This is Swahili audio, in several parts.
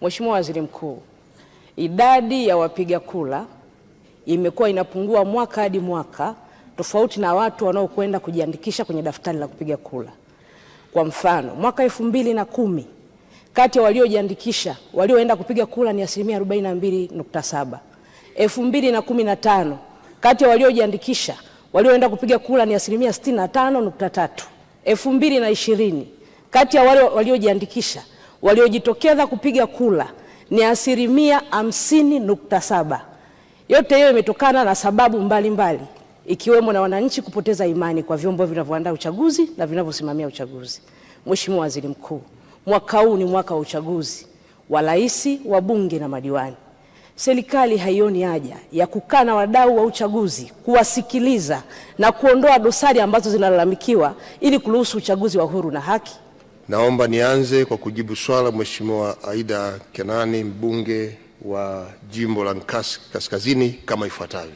Mheshimiwa Waziri Mkuu, idadi ya wapiga kura imekuwa inapungua mwaka hadi mwaka, tofauti na watu wanaokwenda kujiandikisha kwenye daftari la kupiga kura. Kwa mfano, mwaka elfu mbili na kumi kati ya waliojiandikisha walioenda kupiga kura ni asilimia saba. elfu mbili na kumi na tano kati ya waliojiandikisha walioenda kupiga kura ni asilimia 65.3. elfu mbili na ishirini kati ya wale waliojiandikisha waliojitokeza kupiga kura ni asilimia hamsini nukta saba. Yote hiyo imetokana na sababu mbalimbali mbali, ikiwemo na wananchi kupoteza imani kwa vyombo vinavyoandaa uchaguzi na vinavyosimamia uchaguzi. Mheshimiwa Waziri Mkuu, mwaka huu ni mwaka wa uchaguzi wa rais, wa bunge na madiwani. Serikali haioni haja ya kukaa na wadau wa uchaguzi kuwasikiliza na kuondoa dosari ambazo zinalalamikiwa ili kuruhusu uchaguzi wa huru na haki? Naomba nianze kwa kujibu swala Mheshimiwa Aida Kenani, mbunge wa jimbo la Nkasi Kaskazini, kama ifuatavyo.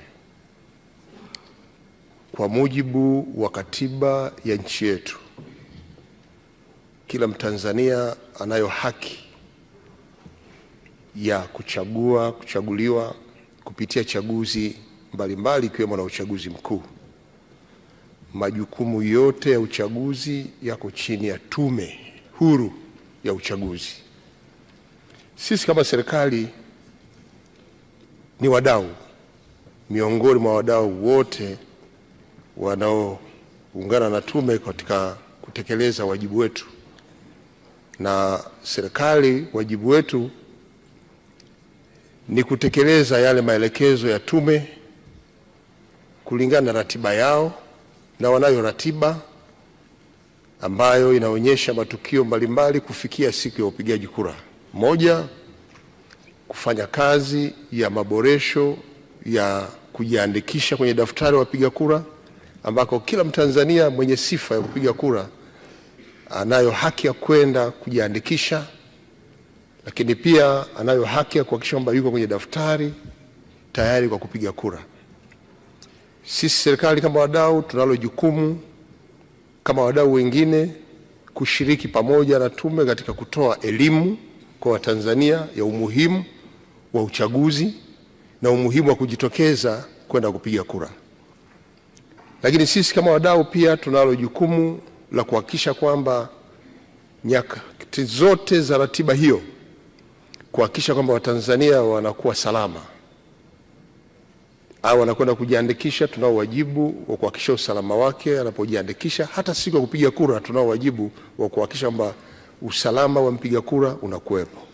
Kwa mujibu wa katiba ya nchi yetu, kila Mtanzania anayo haki ya kuchagua, kuchaguliwa kupitia chaguzi mbalimbali ikiwemo na uchaguzi mkuu. Majukumu yote ya uchaguzi yako chini ya tume huru ya uchaguzi. Sisi kama serikali ni wadau miongoni mwa wadau wote wanaoungana na tume katika kutekeleza wajibu wetu, na serikali wajibu wetu ni kutekeleza yale maelekezo ya tume kulingana na ratiba yao, na wanayo ratiba ambayo inaonyesha matukio mbalimbali kufikia siku ya upigaji kura. Moja, kufanya kazi ya maboresho ya kujiandikisha kwenye daftari wapiga kura ambako kila Mtanzania mwenye sifa ya kupiga kura anayo haki ya kwenda kujiandikisha, lakini pia anayo haki ya kuhakikisha kwamba yuko kwenye daftari tayari kwa kupiga kura. Sisi serikali kama wadau tunalo jukumu kama wadau wengine kushiriki pamoja na tume katika kutoa elimu kwa Watanzania ya umuhimu wa uchaguzi na umuhimu wa kujitokeza kwenda kupiga kura. Lakini sisi kama wadau pia tunalo jukumu la kuhakikisha kwamba nyakati zote za ratiba hiyo kuhakikisha kwamba Watanzania wanakuwa salama au wanakwenda kujiandikisha, tunao wajibu wa kuhakikisha usalama wake anapojiandikisha. Hata siku ya kupiga kura, tunao wajibu wa kuhakikisha kwamba usalama wa mpiga kura unakuwepo.